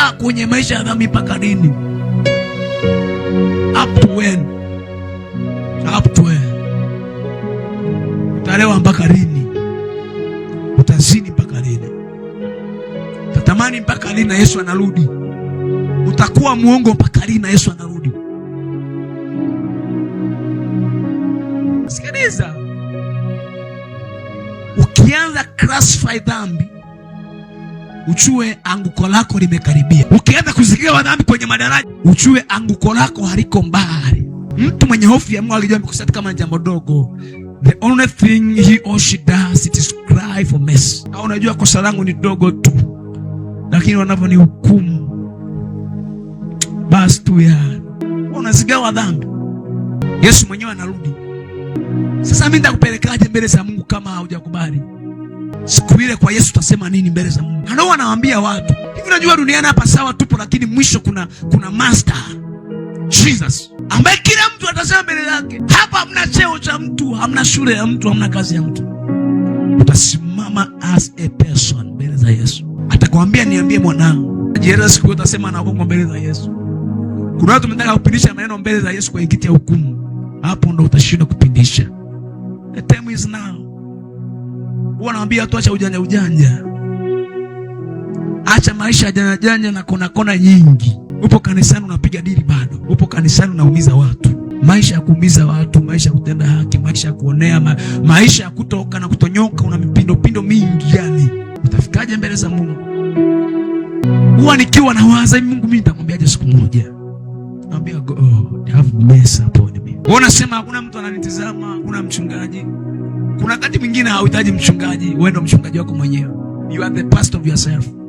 kukaa kwenye maisha ya dhambi mpaka lini? Up to when? Up to when? Utalewa mpaka lini? Utazini mpaka lini? Utatamani mpaka lini na Yesu anarudi? Utakuwa muongo mpaka lini na Yesu anarudi? Sikiliza, ukianza classify dhambi uchue anguko lako limekaribia. Ukianza kuzikiwa dhambi kwenye madaraja, uchue anguko lako haliko mbali. Mtu mwenye hofu ya Mungu alijua amekosa kama jambo dogo. The only thing he or she does it is cry for mercy. Na unajua kosa langu ni dogo tu, lakini wanavyonihukumu basi tu ya unazigawa dhambi. Yesu mwenyewe anarudi sasa, mimi nitakupelekaje mbele za Mungu kama hujakubali? siku ile kwa Yesu tutasema nini mbele za Mungu? Anao anawaambia watu hivi. najua duniani hapa sawa tupo, lakini mwisho kuna kuna master Jesus ambaye kila mtu atasema mbele yake. Hapa hamna cheo cha mtu, hamna shule ya mtu, hamna kazi ya mtu. Utasimama as a person mbele za Yesu. Atakwambia niambie, mwanangu. Siku ile utasema na anagonga mbele za Yesu. Kuna watu mnataka kupindisha maneno mbele za Yesu kwa kiti ya hukumu, hapo ndo utashinda kupindisha. The time is now. Huwa nawaambia watu acha ujanja ujanja, acha maisha ya janja janja na kona kona nyingi. Upo kanisani unapiga dili bado, upo kanisani unaumiza watu, maisha ya kuumiza watu, maisha ya kutenda haki, maisha ya kuonea ma, maisha ya kutoka na kutonyoka, una mipindo pindo mingi, yani utafikaje mbele za Mungu? Huwa nikiwa nawaza hivi, Mungu mimi nitamwambiaje siku moja? Naambia God oh, have mercy upon me. Wewe unasema hakuna mtu ananitizama, hakuna mchungaji kuna wakati mwingine hauhitaji mchungaji, wewe ndo mchungaji wako mwenyewe. You are the pastor of yourself.